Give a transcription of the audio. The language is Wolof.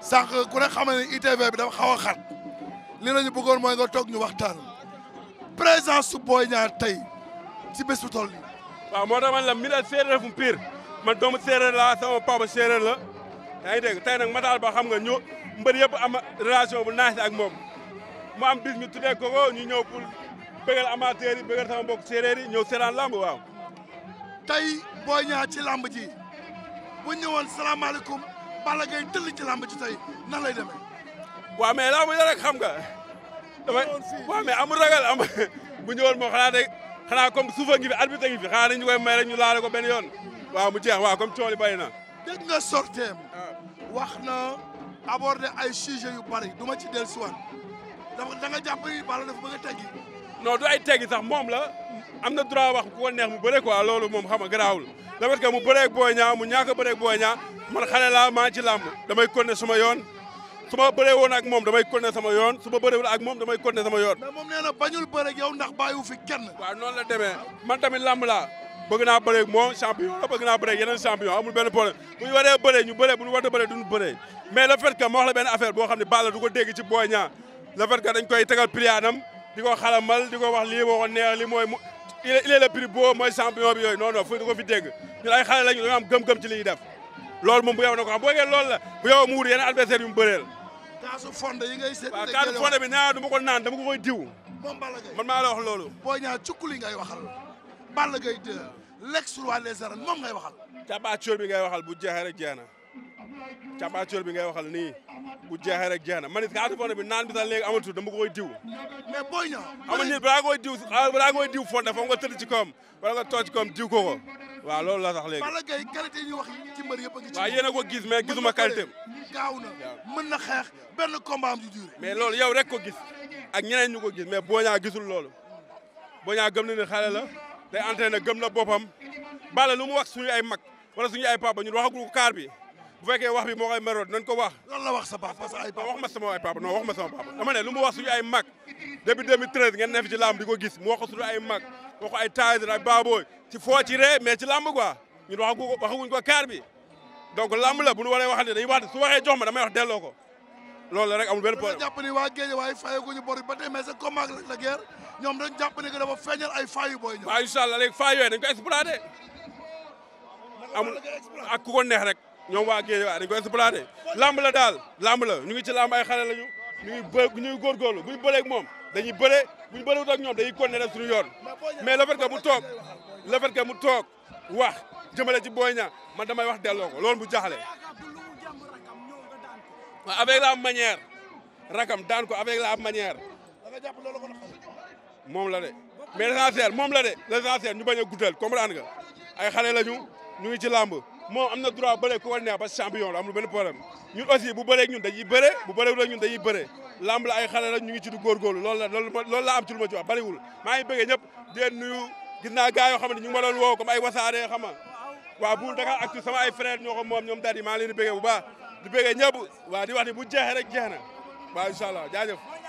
sànq ku ne xam ne ITV bi dafa xaw a xat li la ñu bëggoon mooy nga toog ñu waxtaan présence su Boy Niang tey ci bés bu toll moo tax man la mi daal séeréer fu pire man doomu séeréer laa sama papa séeréer la yaa ngi dégg tey nag ma daal ba xam nga ñu mbër yëpp am relation bu naaj ak moom mu am bis ñu tuddee ko ko ñu ñëw pour bëggal amateur sama mbokk séeréer yi ñëw seetaan lamb waaw. tey Boy Niang ci lamb ji bu ñëwoon salaamaaleykum. Balla Gaye tëll ci làmb ci tey nan lay demee. waaw mais làmb ja rek xam nga. damay waaw mais amul ragal am bu ñëwoon moo xanaa day xanaa comme suufa ngi fi arbitre ngi fi xanaa dañu koy may ñu laale ko benn yoon. waa mu jeex waa comme coono bari na. dégg nga sorteem. wax na aborder ay sujets yu bari du ma ci dellusiwaat. dafa da nga jàpp ni Balla dafa bëgg a teggi non du ay teggi sax moom la am na droit wax ku ko neex mu bëre quoi loolu moom xam nga garaawul le fait que mu bëreeg Boy Niang mu ñaaka bëreeg Boy Niang man xale laa maa ci làmb damay continuer suma yoon su ma bëree woon ak moom damay continuer sama yoon su ma woon ak moom damay continuer sama yoon. mais moom nee na bañul bëreeg yow ndax bàyyiwu fi kenn. waaw noonu la demee man tamit làmb laa bëgg naa bëreeg moom champion la bëgg naa bëreeg yeneen champion amul a bëree duñu bëree boo xam ne Balla du ko dégg ci Boy Niang le fait di ko xalamal di ko wax lii moo ko neex li mooy mu il est le plus mooy champion bi yooyu non non fu du ko fi dégg ñun ay xale lañu dañoo am gëm-gëm ci li ñuy loolu moom bu yow na ko xam boo ngeen loolu la bu yow mu wut yenn adversaire yu mu kaasu fonde yi ngay seet waaw kaasu fonde bi naa du ma ko naan dama ko la wax loolu boo ñaa cukku li ngay waxal Balla Gaye de l'ex roi des ngay waxal ca bu jeexee rek na cappaacool bi ngay waxal nii bu jeexee rek jeex na man it kaatu fonde bi naan bi sax léegi amatul dama koy diw. mais booy ña. amul nit balaa koy diw balaa koy diw fonde foog nga tëdd ci koom wala nga koom diw ko ko loolu la sax léegi. Balla Gaye qualité yi wax ci mbër yëpp a ngi ci. waaw yéen a ko gis mais gisuma qualité gaaw na mën na xeex benn combat am du mais loolu yow rek ko gis ak ñeneen ñu ko gis mais boo ñaa gisul loolu boo ñaa gëm na ne xale la day entraîné gëm na boppam Balla lu mu wax suñu ay mag wala suñu ay papa ñun waxagul ko kaar bi bu fekkee wax bi moo koy meroon nañ ko wax. lan la wax sa papa parce que ay papa wax ma sama ay papa non wax ma sama papa dama ne lu mu wax suñu ay mag depuis 2013 ngeen ne fi ci làmb di ko gis mu wax ko suñu ay mag wax ko ay taay ay baabooy ci foo ci ree mais ci làmb quoi ñun waxagu ko waxaguñ ko kaar bi donc làmb la bu ñu waree waxante dañuy wax su waxee jox ma damay wax delloo ko loolu rek amul benn problème. dañoo jàpp ni waa Géej waaye fayaguñu bor ba tey mais sa combat ak la guerre ñoom dañu jàpp ni que dafa feeñal ay fayu booy ñoom. waaw incha allah léegi fayu yooyu dañ ko exploité amul ak ku ko neex rek ñoom waa Guédiawaye dañ koy exploité lamb la daal lamb la ñu ngi ci lamb ay xale lañu ñu ngi bë ñu ngi góorgóorlu bu ñu bëree moom dañuy bëree bu ñu bëree ak ñoom dañuy continuer def suñu yoon mais le fait que mu toog le fait que mu toog wax jëmale ci Boy Niang man damay wax delloo ko loolu bu jaaxle. avec la manière rakam daan ko avec la manière moom la de mais l'essentiel moom la de l'essentiel ñu bañ a guddal comprendre nga ay xale lañu ñu ngi ci lamb. moom am na droit bëree ku ko neex parce que champion la amul benn problème ñun bu bëree ñun dañuy bëre bu bëree ñun dañuy bëre lamb la ay xale la ñu ngi ci du góorgóorlu lool la loolu loolu laa am ci lu ma ci wax bëriwul maa ngi bëggee ñëpp nuyu gis naa gars yoo xam ñu ma doon woo ko ay wasaare xam nga waaw bu Dakar Actu sama ay frère ñoo ko moom ñoom daal yi maa ngi leen bu ba di bëggee ñëpp waa di wax ni bu jeexee rek jeex na waaw incha allah jaajëf